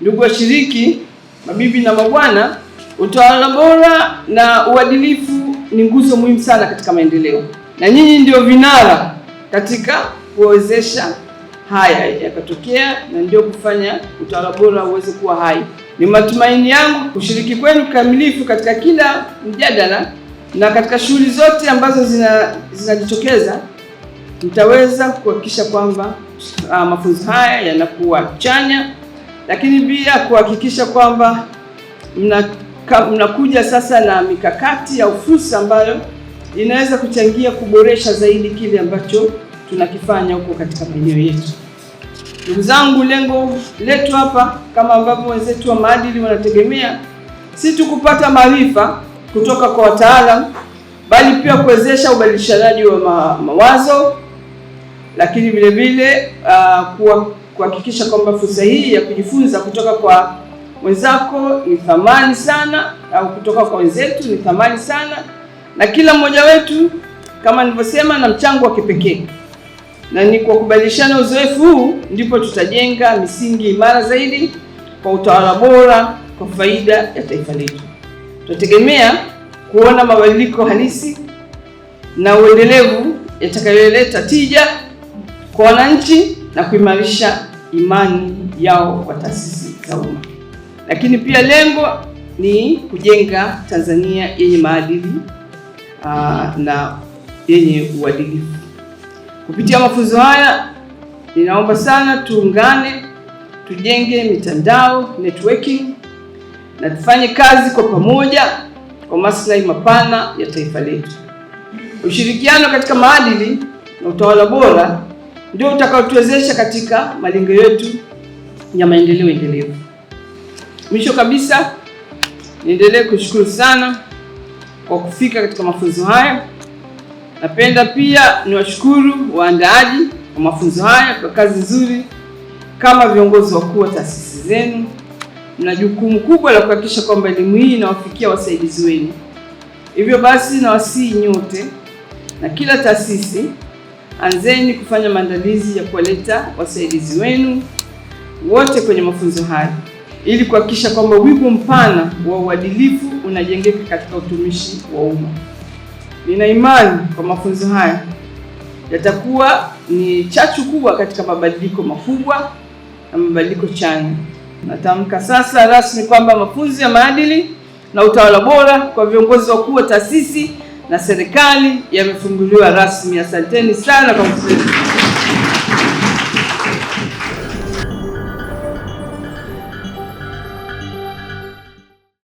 Ndugu washiriki, mabibi na mabwana, utawala bora na uadilifu ni nguzo muhimu sana katika maendeleo, na nyinyi ndio vinara katika kuwezesha haya yakatokea, na ndio kufanya utawala bora uweze kuwa hai. Ni matumaini yangu kushiriki kwenu kamilifu katika kila mjadala na katika shughuli zote ambazo zinajitokeza zina mtaweza kuhakikisha kwamba uh, mafunzo haya yanakuwa chanya lakini pia kuhakikisha kwamba mnakuja mna sasa na mikakati au fursa ambayo inaweza kuchangia kuboresha zaidi kile ambacho tunakifanya huko katika maeneo yetu. Ndugu zangu, lengo letu hapa kama ambavyo wenzetu wa maadili wanategemea, si tu kupata maarifa kutoka kwa wataalamu, bali pia kuwezesha ubadilishanaji wa ma, mawazo, lakini vile vile uh, kuhakikisha kwamba fursa hii ya kujifunza kutoka kwa mwenzako ni thamani sana, au kutoka kwa wenzetu ni thamani sana, na kila mmoja wetu kama nilivyosema, na mchango wa kipekee, na ni kwa kubadilishana uzoefu huu ndipo tutajenga misingi imara zaidi kwa utawala bora kwa faida ya taifa letu. tutategemea kuona mabadiliko halisi na uendelevu yatakayoleta tija kwa wananchi na kuimarisha imani yao kwa taasisi za umma. Lakini pia lengo ni kujenga Tanzania yenye maadili na yenye uadilifu. Kupitia mafunzo haya, ninaomba sana tuungane, tujenge mitandao networking na tufanye kazi kwa pamoja kwa maslahi mapana ya taifa letu. Ushirikiano katika maadili na utawala bora ndio utakaotuwezesha katika malengo yetu ya maendeleo endelevu. Mwisho kabisa, niendelee kushukuru sana kwa kufika katika mafunzo haya. Napenda pia niwashukuru waandaaji wa mafunzo haya kwa kazi nzuri. Kama viongozi wakuu wa taasisi zenu, mna jukumu kubwa la kuhakikisha kwamba elimu hii inawafikia wasaidizi wenu. Hivyo basi, nawasihi nyote na kila taasisi anzeni kufanya maandalizi ya kuwaleta wasaidizi wenu wote kwenye mafunzo haya ili kuhakikisha kwamba wigo mpana wa uadilifu unajengeka katika utumishi wa umma. Nina imani kwa mafunzo haya yatakuwa ni chachu kubwa katika mabadiliko makubwa na mabadiliko chanya. Natamka sasa rasmi kwamba mafunzo ya maadili na utawala bora kwa viongozi wakuu wa taasisi na serikali yamefunguliwa rasmi. Asanteni sana kwa